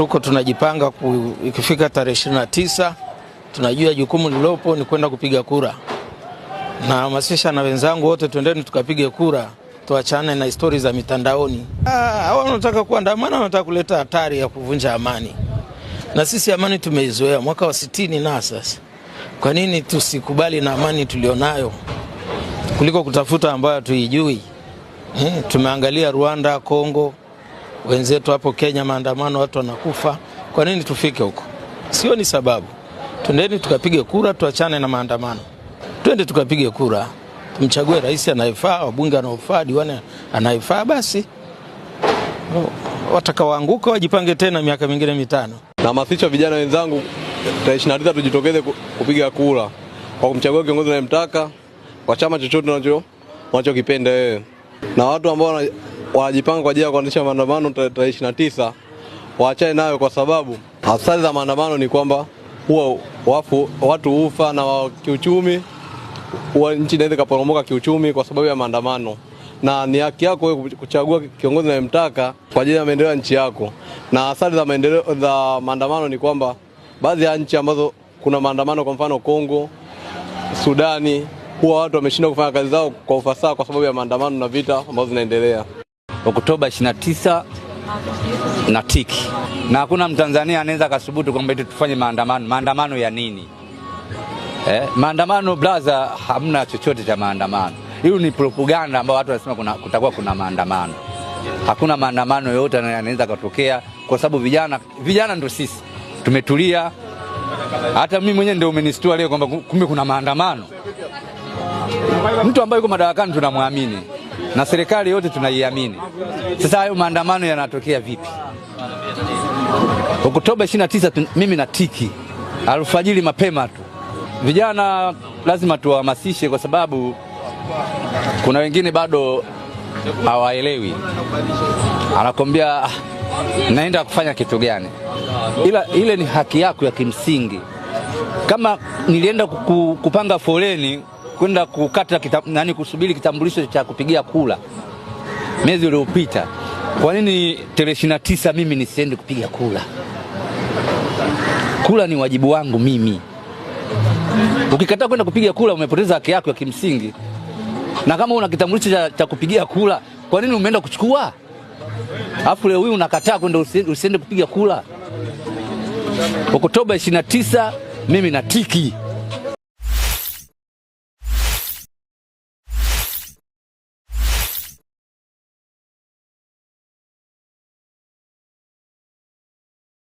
tuko tunajipanga ku, ikifika tarehe 29 tunajua jukumu lilopo ni kwenda kupiga kura. Nahamasisha na wenzangu wote, twendeni tukapige kura, tuachane na histori za mitandaoni. Ah, hawa wanataka kuandamana, wanataka kuleta hatari ya kuvunja amani, na sisi amani tumeizoea mwaka wa sitini na sasa. Kwa nini tusikubali na amani tulionayo kuliko kutafuta ambayo tuijui? Eh, hmm, tumeangalia Rwanda, Kongo wenzetu hapo Kenya, maandamano, watu wanakufa. Kwa nini tufike huko? Sio ni sababu. Twendeni tukapige kura, tuachane na maandamano, twende tukapige kura, tumchague rais anayefaa, wabunge anaofaa, diwani anayefaa, basi watakaoanguka wajipange tena miaka mingine mitano. Nahamasisha vijana wenzangu, tarehe 29 tujitokeze kupiga kura kwa kumchagua kiongozi unayemtaka kwa chama chochote unachokipenda wewe na watu ambao wanajipanga kwa ajili ya kuanzisha maandamano tarehe ishirini na tisa waachane nayo, kwa sababu hasara za maandamano ni kwamba huwa wafu, watu hufa na wa kiuchumi, huwa nchi inaweza ikaporomoka kiuchumi kwa sababu ya maandamano, na ni haki yako wewe kuchagua kiongozi unayemtaka kwa ajili ya maendeleo ya nchi yako. Na hasara za maendeleo za maandamano ni kwamba baadhi ya nchi ambazo kuna maandamano, kwa mfano Kongo, Sudani, huwa watu wameshindwa kufanya kazi zao kwa ufasaha kwa sababu ya maandamano na vita ambazo zinaendelea. Oktoba 29 na tiki, na hakuna Mtanzania anaweza kasubutu kwamba eti tufanye maandamano. Maandamano ya nini? Eh, maandamano blaza, hamna chochote cha maandamano. Hiyo ni propaganda ambayo watu wanasema kuna, kutakuwa kuna maandamano. Hakuna maandamano yoyote yanaweza kutokea kwa sababu vijana vijana ndio sisi tumetulia. Hata mimi mwenyewe ndio umenistua leo kwamba kumbe kuna maandamano. Mtu ambaye yuko madarakani tunamwamini na serikali yote tunaiamini. Sasa hayo maandamano yanatokea vipi? Oktoba 29 mimi natiki alfajiri mapema tu. Vijana lazima tuwahamasishe, kwa sababu kuna wengine bado hawaelewi, anakwambia ah, naenda kufanya kitu gani? Ila ile ni haki yako ya kimsingi. Kama nilienda kupanga foleni kwenda kukata kita, nani kusubiri kitambulisho cha kupigia kula mwezi uliopita. Kwa nini tarehe ishirini na tisa mimi nisiende kupiga kula? Kula ni wajibu wangu mimi. Ukikataa kwenda kupiga kula, umepoteza haki yako ya kimsingi. Na kama una kitambulisho cha, cha kupigia kula, kwa nini umeenda kuchukua? Alafu leo hii unakataa kwenda usiende kupiga kula. Oktoba 29 mimi natiki.